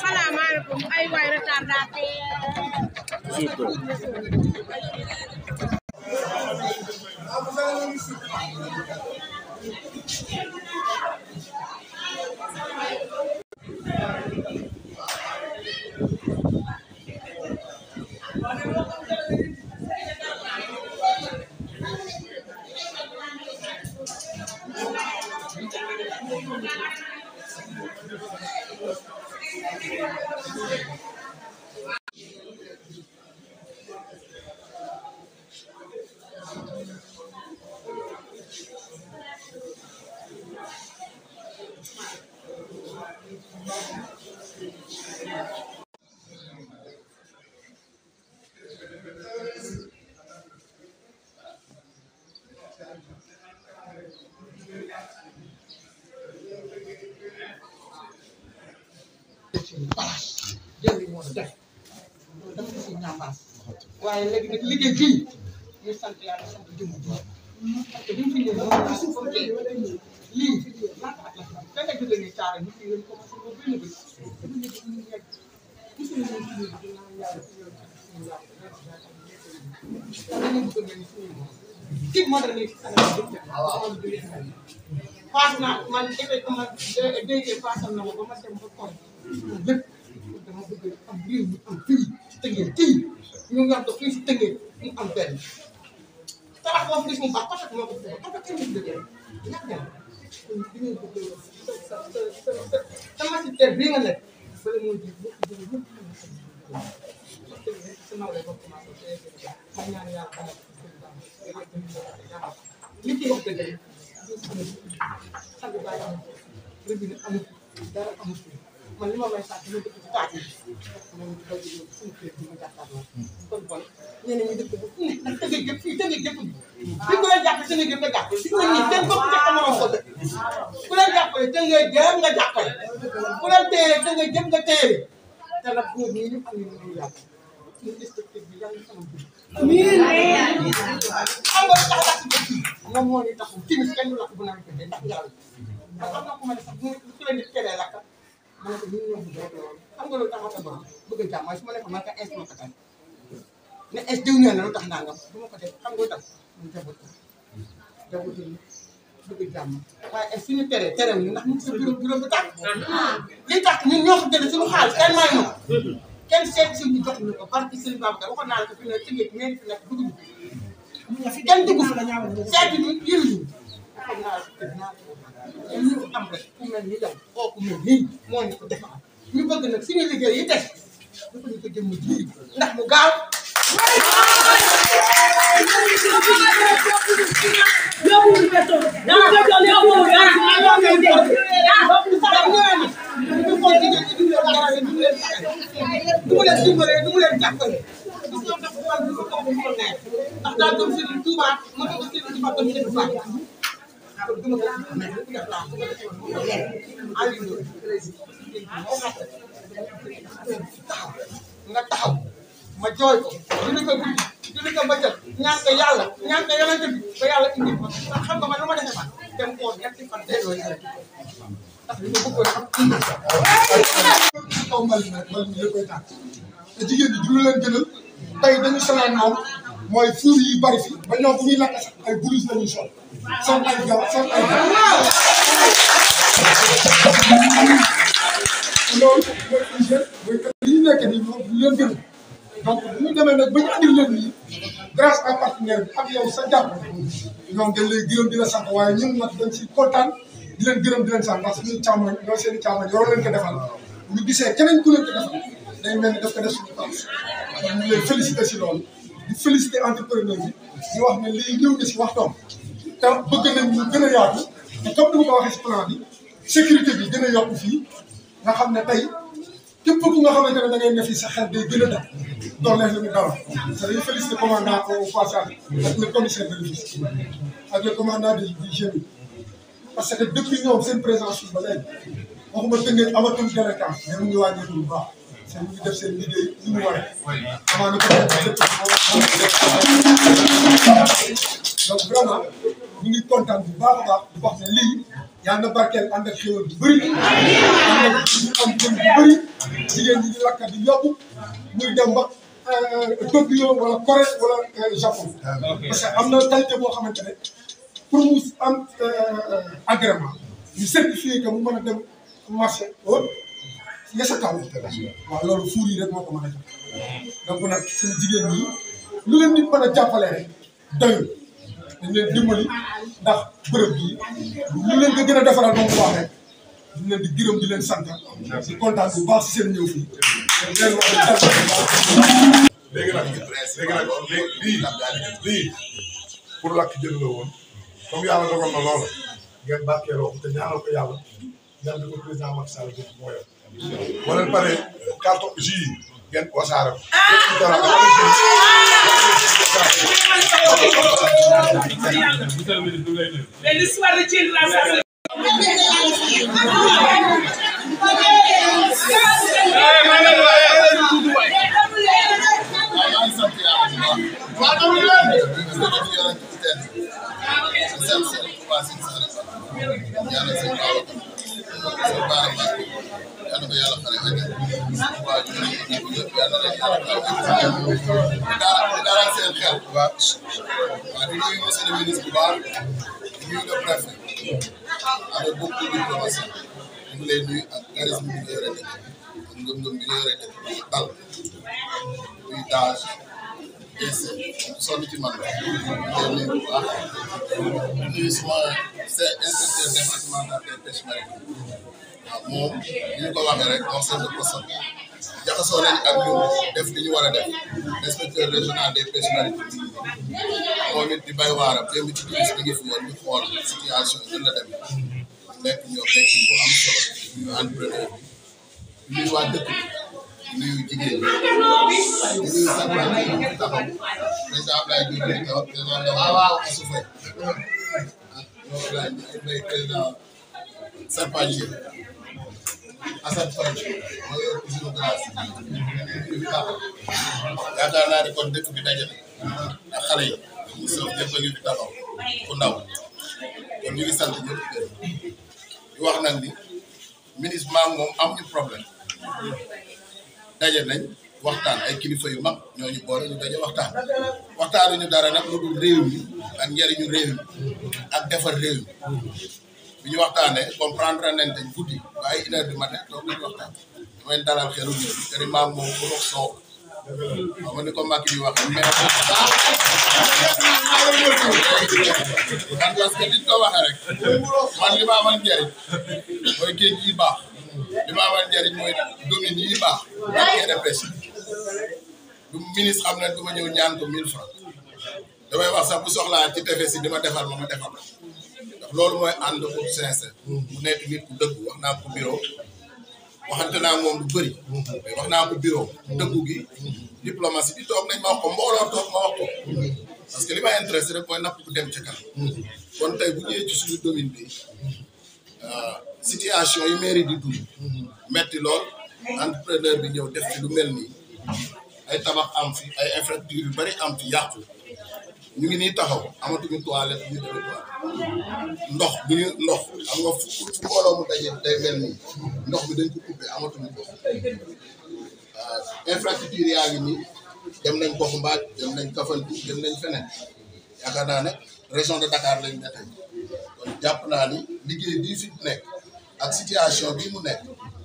salaamaaleykum ay waay retardataire seen balaas jëriñ moo def loolu dama ko si ñaabaas waaye léegi nag liggéey fii ñu sant yàlla sant jëmm parce que bi mu fi ñëwee moom laa ko tey lii laata ak laata bi fekk jóge ne caare ñu fi yéen commencé ba benn bés dama ne dama ñu yegg mosul ñu fi ñëw dinaa yàlla fi ñëw suñu laaj dama leen bëgg ni suñu ki moo tax nekk Sénégal bi tey waaw paas naa man effectivement deux deux paasal na ma ba ma dem ba kon lépp dama bëgg am réew mi am fii ci tënkee kii ñu ngi ko fii ci tënkee mu am benn tabax boobu gis mu baax parce que moo ko bëgg parce que kenn du ko jëlee sama si tey bii nga nekk bële moo ji boo ko jëlee ñëpp li ci wax dëgg yàlla dara amul man li ma may sax dama dëkk bu taat yi man daw ji ñëw suñu kër gi ma jàkkaarloo kon bon nee nañu dëkk bu ne ndax tëgg gépp fii tëgg gépp bi ku leen jàppale tëgg gépp nga jàppale si ñi seen bopp jàkka morom ko dëkk ku leen jàppale tëgg gépp nga jàppale ku leen téye tëgg gépp nga téye te nag góor ñi ñu am ñu ñu yàgg suñu perspective bi yàlla sama góor miin xam nga tax laa si bëgg moom moo ni taxu timis kenn du lakk bu nawet bi ndax ngelaw li ndax am na ku ma ne sax bu ku leen di teree lakk ma ne ko ñu ngi wax xam nga loolu taxaw na bëgg a jàmm waaye su ma nekkoon man ma ko ne est diw nee na lu tax nangam du ma ko def xam nga tax mu jabut ko jabut a jàmm waaye tere tere ndax ñun sa bureau bureau bu tàkk li tax ñun ñoo ko jënd suñu xaalis kenn may ma kenn seet si ñu jox ñu ko barki sëñ Babacar waxoon naa la fi ne tëjee ngeen fi nekk dugg ñu kenn dugg seet ñu xam naa ne ñu am rek ku mel ni yow kooku mel nii moo ñu ko defal ñu bëgg nag suñu liggéey yi des dafa ñu ko jëmm ji ndax mu gaaw. ndax daal comme Serigne Touba ma ko Serigne Touba comme Serigne Touba taxaw nga taxaw ma jooy ko dina ko guddi dina ko bëccëg ñaan ko yàlla ñaan ko yàlla jëm ba yàlla indi ko ndax xam nga man lu ma defee man dem koo ñetti fan delloo yàlla ndax li ma bëggoon xam kaw mbal mi mbal mi yëpp koy tànk te jigéen ñi jur leen gënal tey dañu solee naaw moy fuur yi bari fi ba ñoo bu ñuy lakk sax ay blouse la ñuy sol sol ay gaw sol ay gaw loolu mooy hygiène leen gën donc bu ñu demee nag ba andil leen nii grâce à partenaire bi ak yow sa jàpp ñoom dañ lay gërëm di la sant waaye ñun nag dañ kontaan di leen gërëm di leen sant ndax suñu càmmoñ ñoo seen càmmoñ yoroo leen ko defal bu ñu gisee keneen ku leen ko defal day mel ni daf ko def suñu ñu lay si loolu félicité entrepreneurs yi di wax ne lii ñëw na si waxtoom te bëgg nañ ñu gën a yaatu te comme ni ma ko waxee si plan bi sécurité bi gën a yokku fii nga xam ne tey képp ku nga xamante ne da ngay ne sa xel day gën a dal doon nañ la ñu dara te dañuy félicité commandant au passage ak le commissaire de l'office ak le commandant du du parce que depuis ñoom seen présence ba léegi waxuma dëgg amatul délinquance mais mu ngi wàññeeku bu baax. ñu ngi def seen liggéey ñu ngi war a kontaan bu a baax di lii yàlla na barkeel ànd ak xéwal bu bëri ànd ak ñu am kër bu bëri jigéen ñi di lakkat di dem ba euh, Tokyo wala wala euh, Japon ah, am na qualité boo xamante ne pour mu am euh, agrément ñu certifié que mu mën a dem marché nga sa kaw waaw loolu yi rek moo ko mën a jox donc nag suñu jigéen ñi lu leen nit mën a rek doyul dañ leen dimbali ndax bërëb bii lu leen ko gën a defaral moom bu baax di leen di gërëm di leen sant di kontaan bu baax si seen ñëw fii leen wax léegi nag léegi nag lii lii pour lakk jël la woon comme yàlla dogal na loola ngeen barkeeloo te ñaanal ko yàlla yàlla di ko président Macky Sall jëf moo yor boo leen paree carton jus yi ngeen wasaare ko. Ah! Thank you. yàlla ko yàlla xale xale waaw ñu ngi déglu ñëpp yàlla nañu yàlla dalal seen xel bu baax waaw di nuyu monsieur le ministre bu baax di nuyu le préfet avec beaucoup de diplomatie ñu ngi lay nuyu ak charisme bi nga yore dëkk ak ngëm-ngëm bi nga yore dëkk dal muy daaj dese sonn ci man la ñu ngi lay nuyu bu baax di nuyu sama c'est inspecteur départemental des pêches marines moom ñu ko waxee rek on sait le procédé jaxasoo nañ ak ñun def li ñu war a de inspecteur régional des pêches maritimes moom it di bay waaram démb ci biir bi ngi fi di xool situation bi la demee nekk ñoom nekk bu am solo ñu entrepreneur bi ñuy waa dëkk bi ñuy jigéen ñi ñuy taxaw président Abdoulaye Diouf di ko président de waaw suufee ah président Serpent assainissement mooy yor usine glace bi yaakaar naa ne kon dëkk bi daje na ak xale yi ñu soog ñëpp a ngi fi taxaw ku ndaw ñu di wax nag ni ministre maa moom am ñu problème daje nañ waxtaan ay kilifa yu mag ñoo ñu boole ñu daje waxtaan bi waxtane comprendre nañ dañ guddi waye une heure du matin do dalal xelu maam mo ko wax so ni ko mak di wax mais man parce que liñ ko waxee rek man li ma amal njëriñ mooy géej yi baax li ma amal njëriñ mooy domaine yi baax ak RDPC du ministre xam ne du ñaan ko 1000 francs damay wax sax bu soxlaa ci tefes dima defal ma defal ndax loolu mooy ànd bu sincère. mu nekk ku dëgg wax naa ko biro waxante naa moom lu bëri. mais wax naa ko bureau. dëggu gi. diplomatie bi toog nañ ma wax ko mbooloo toog ma wax ko. parce que rek mooy napp bu dem ca kanam. kon te bu ñëwee ci suñu bi euh, situation yi mairie di dund. metti lool entrepreneur bi ñëw def ci lu mel nii ay tabax am fi ay infrastructure yu bëri am fi yàqu. ñu ngi nii taxaw amatuñu toilette ñu demee ndox bi ñu ndox xam nga fu fu mbooloo mu daje day mel nii ndox bi dañ ko coupé amatuñu ndox euh, infrastructure yaa ngi nii dem nañ gox mbaaj dem nañ Kafantou dem nañ feneen yaakaar naa ne région de Dakar lañ ne tey kon jàpp naa ni liggéey bii fi nekk ak situation bii mu nekk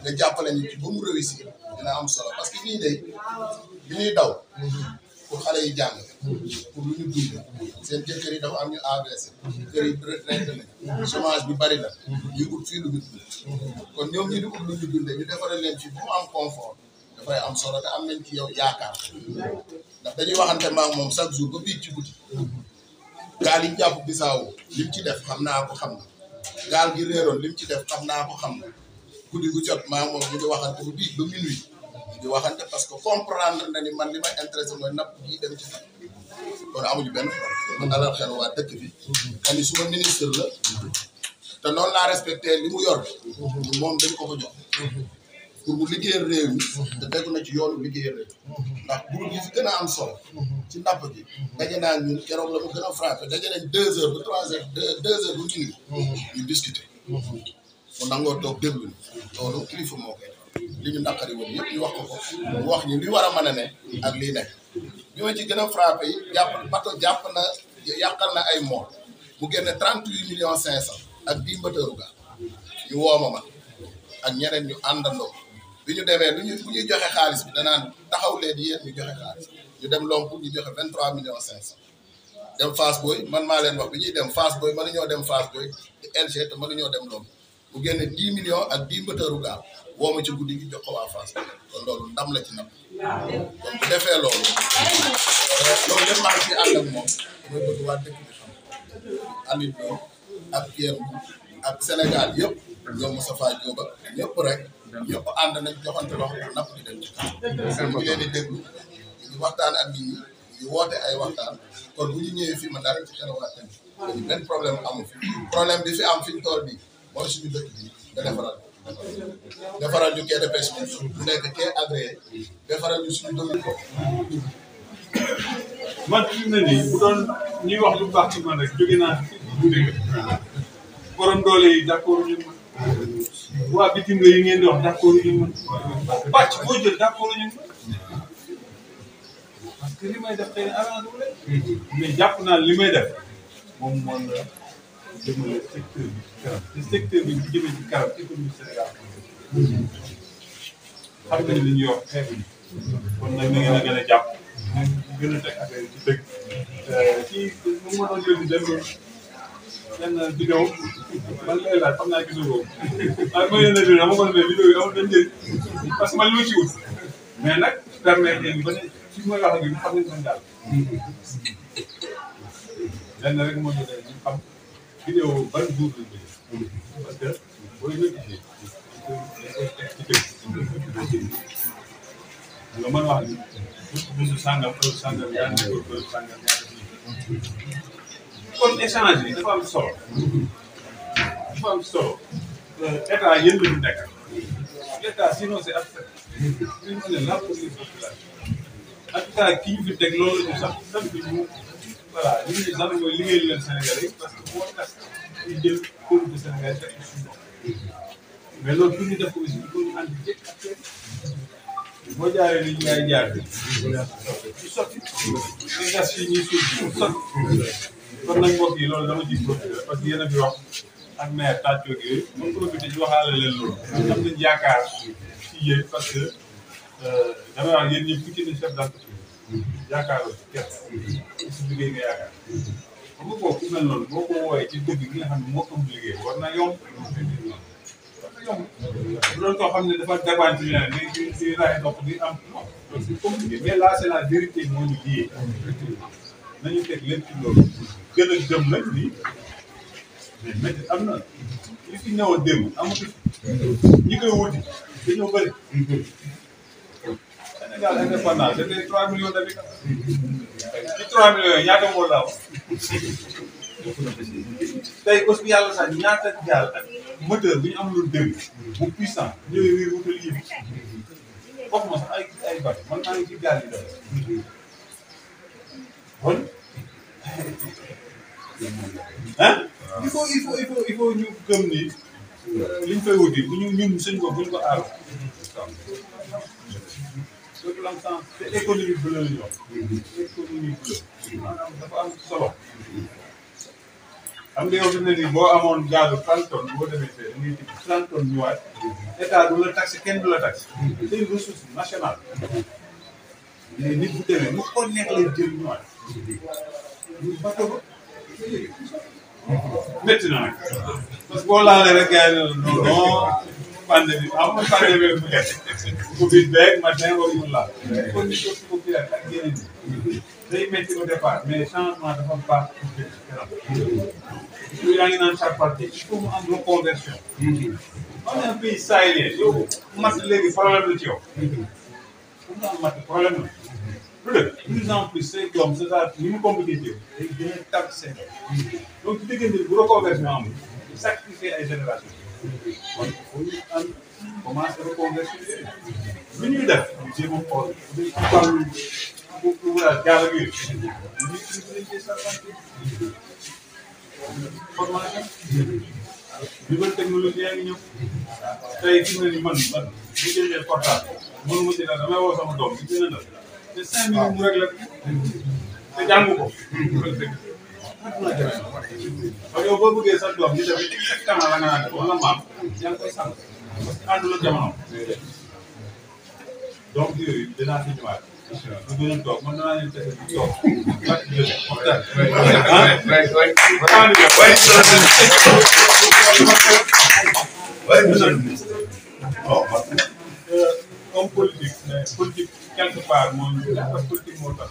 nga jàppale ñu ci ba mu réussir dina am solo parce que ñii day bi ñuy daw. xale yi jàng pour lu ñu dund seen jëkkër yi dafa am ñu AVC kër yi retraité nañ chômage bi bari na ñu ut lu ñu kon ñoom ñu di ut lu ñu dunde ñu defaral leen ci bu am confort dafay am solo te am nañ ci yow yaakaar ndax dañuy waxante maag moom chaque jour ba biig ci guddi gaal yi jàpp bisaawu lim ci def xam naa ko xam na gaal gi réeroon lim ci def xam naa ko xam na guddi gu jot maag moom ñu ngi waxante bu biig ba minuit di waxante parce que comprendre na ni man li ma intéressé mooy napp gi dem ci napp kon amuñu benn man dalal xel waa dëkk bi xam mhm. ni suma ministre la te li mu yor mhm. moom dañ ko ko jox mhm. pour mu liggéeyal réew mi de tegu na ci yoonu liggéey réew ndax groupe yi fi gën a am solo ci napp gi daje naa ñun keroog la mu gën a frappé daje nañ deux heures ba trois heures deux heures ñu discuter mu nangoo toog déglu ni loolu kilifa moo li ñu naqari woon yëpp ñu wax ko ko mu wax ñu li war a mën a ne ak lii nekk bi ma ci gën a frappé yi jàpp bato jàpp na yàqal na ay mool mu génne trente huit millions cinq cent ak dix mbëtëru ga ñu wooma ma ak ñeneen ñu àndandoo bi ñu demee lu ñu joxe xaalis bi danaan taxaw leen yéen ñu joxe xaalis ñu dem lomp ñu joxe vingt trois millions cinq cent dem Fass Boy man maa leen wax bi ñuy dem Fass Boy ñoo dem Fass Boy te LG te ñoo dem lomp mu génne dix millions ak dix mbëtëru woo ma ci guddi gi jox ko waa Fass kon loolu ndam ci napp kon defee loolu loolu lépp maa ngi ak moom mooy bëgg joxante loxo pour napp di dem ci kanam ñu leen di ñëwee fii ma dara ci xel waa tamit problème amu fi bi fi am fi ñu bi mooy suñu dëkk bi nga defaral ñu quai de pêche bi mu nekk quai agréé defaral ñu suñu dëkk bopp. man bu doon ñuy wax lu baax ci man rek jóge naa bu dégg borom doole yi d'accord ñu man bitim réew yi ngeen di wax d'accord ñu man pàcc boo jël d'accord ñu man parce que li may def mm-hmm. jàpp naa li may jëmale secteur bi ci kanam te secteur bi bu jëmee ci kanam économie Sénégal xam nga ni li ñuy wax xeetu kon nag na ngeen a gën a jàpp gën a teg affaire yi ci dëgg kii mu ma doon jël dem benn vidéo man lay laaj xam naa gisoo ko waaye ma yéene vidéo ma ko defee vidéo yi amul benn njëriñ parce que man li ma ci wut mais nag permettre yi ba ne ci ma wax ak yi xam nañ man daal lenn rek moo ñu xam vidéo ban jour lañ jógee parce que booy notifié nga mën wax ni bésu sàngam heure sàngam yaa ngi nekk heure sàngam yaa ngi kon échange bi dafa am solo dafa am solo euh, état yéen la ñu nekk état sinon c'est abstrait dañu ne la pour les populations ak état ki ñu fi teg loolu la ñu sax sant ñu voilà li ñu daanaka mooy liggéeyal leen Sénégal yi que boo tax ñu boo fii loolu dama ciy profité parce que yéen wax ak maire tàccoo gi yooyu nañ yaakaar ci yéen parce euh, damay wax yéen ñëpp ci ne chef d'entreprise yaakaaroo ci kenn. ci liggéey nga yaakaar. xam nga kooku mel noonu boo ko wooyee ci dëgg gi nga xam ne moo ëmb liggéey war na yomb. war bu doon koo xam ne dafa déggoon ci ñaar léegi ci ci laay dox di nañu teg lépp loolu. gën jëm nag nii. li fi ñëwoon démb amatu. ñi koy wuti dañoo bëri. Sénégal indépendance c'était 3 millions d'habitants. ci 3 millions yi ñaata tey aussi yàlla sax ñaata gaal ak moteur bu ñu amuloon démb bu puissant ñëwee wii wutal yëpp foofu ma sax ay ay bari man maa ngi yi doon kon ah il faut il faut il faut ñu gëm ni liñ fay wuti bu ñu ñun suñ bopp bu ñu ko aar le plan sens te économie bleue la ñu wax économie bleue maanaam dafa am solo xam boo amoon gaalu trente tonnes boo demee fee da ngay tëj trente tonnes du la taxe kenn du la taxe c'est une ressource nationale mais nit bu demee mu ko neex lay jël ñëwaat boo laalee rek gars yi ne pandémie amul pandémie bu nekk Covid beeg matin boobu ñu laal. condition populaire ak yeneen yi. day métti au départ mais changement dafa baax pour que ñu yaa ngi naan chaque parti il faut mu am reconversion. on est un pays sahélien yow mat léegi problème la ci yow. pour nga am mat problème la. plus plus en plus say doom sa saa ni mu compliqué day gën a tàgg seen donc diggante bu reconversion amul sacrifier ay génération kon fu ñu am commencé reconvertir lu ñuy def jéem a xool lu wàllu jaara bi formation nouvelle technologie yaa ngi ñëw tey gis na ni man man bu jëndee portable mënuma ci dara damay woo sama doom bi jënd na te cinq minutes mu réglé te jàngu ko parce que boo bëggee sa doom ñu def exactement la nga naan def wala maam yaa ngi koy sànq parce que àndul ak jamono. donc yooyu dinaa si ñëwaat. bu gën a toog mën naa leen fexe di toog. Euh, politique mais politique quelque part moo ñu politique moo tax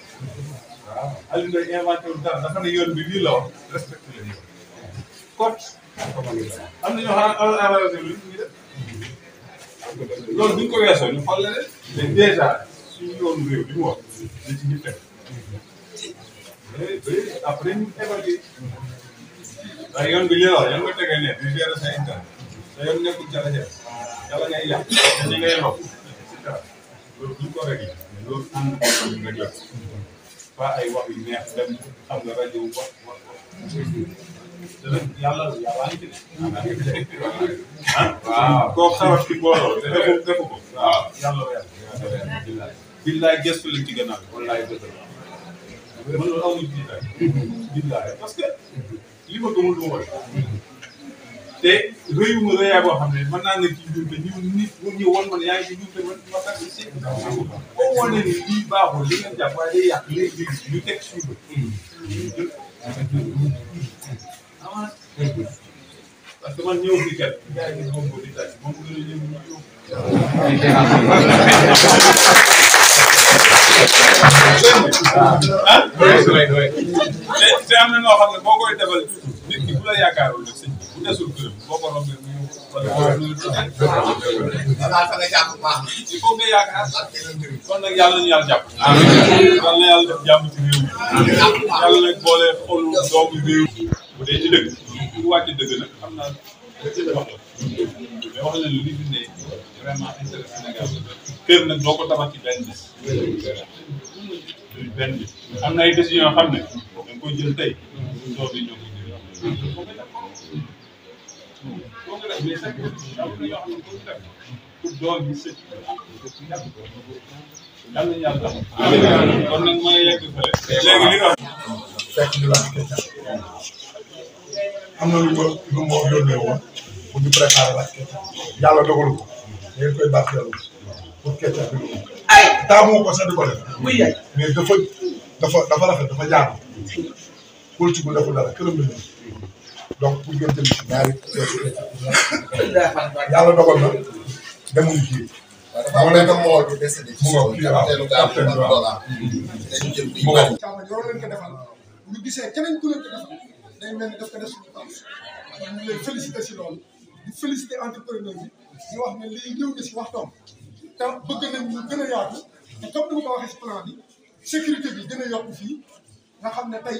Aliou Ndoye inventé wu dara dafa ne yoon bi lii la wax respecté la yoon. kon am na ñoo xam ne arrangé lu ñu def loolu bu ñu ko weesoo ñu xool la de mais déjà suñu yoon réew li mu wax li ci ñu teg ba après ñu évalué ndax yoon bi li la wax yoon nga tegee ne di gérer sa intérêt te yoon nekkul jalaje jala ngay yàq te li ngay lopp et cetera loolu bu ñu ko réglé loolu am na nga jot ba ay wax yu neex dem xam nga rajo wax wax wax yàlla yàlla ngi ah koo xawaat ci booloo defu defu ko waaw ah, yàlla weer billaay gëstu lañ ci gannaaw wallaay dëgg la man loolu amuñ billaay billaay parce que li ma gëmul du ma te rëyuma rëyaa boo xam ne mën naa nga ci njuumte ñu nit bu ñu woon ma ne yaa ngi ci njuumte man ma fàttali si. boo wane ni lii baaxul li ngeen jàpp waaye day yàq léegi ñu teg suuf. parce que man ñëw fi kat yaa ngi moom boo di tàcc moom gën a ñëw ñu ah. te am na noo xam ne boo koy defal nit ki bu la yaakaarul rek desul këram boo ko rombee mu ñëw wala wala fa nga jàpp baax na il faut nga yaakaar kon nag yàlla nañu yàlla jàpp yàlla na yàlla def jàmm ci réew mi yàlla nag boole xolu doomu réew bu dee ci dëgg pour wàcc dëgg nag xam naa dëgg wax mais wax na lu li fi ne vraiment intérêt Sénégal kër nag doo ko tabax ci benn bés benn bés am na ay décision yoo xam ne da nga koy jël tey soo bi ñoo koy jël soo ko def mais chaque fois na yàlla kon nag maa ngi yegg fële. léegi li nga wax. fekk ñu mu yónnee woon pour ñu préparer laaj Ketchup yàlla bi taamu ko sax di ko def. muy yaay mais dafa dafa dafa rafet dafa jaar politique bu deful dara këram la donc pour jot tamit ñaari yàlla dogal na demuñu kii. waaw dafa am mool bi décédé. mu ngoog kii waaw capteur bi waaw dañu jël kii gisee keneen ko defal day mel ni daf ko def suñu taw si loolu di félicité entrepreneur bi di wax ne lii ñëw na si waxtoom te bëgg nañ ñu gën a yaatu te comme si plan bi sécurité bi gën a fii nga xam ne tey.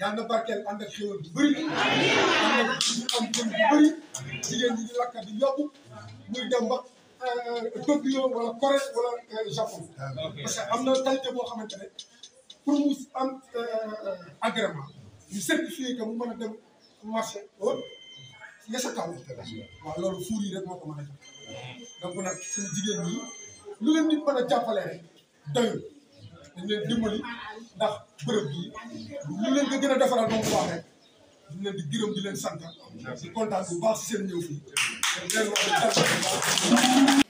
yàlla na barkeel ànd ak xéwal bu bëri ànd ak ñu am jëm bu bëri jigéen ñi di lakkat di yóbbu muy dem ba euh, Tokyo wala Corée wala euh, Japon parce que am na qualité boo xamante ne pour mu am euh, agrément ñu certifié que mu mën a dem marché wala sa taw waaw loolu fuur yi rek ko mën a def donc nag suñu jigéen ñi lu leen nit mën a jàppale dañ leen dimbali ndax bërëb bii lu leen di gën a defaral moom bu baax rek di leen di leen sant di kontaan bu baax si ñëw fii.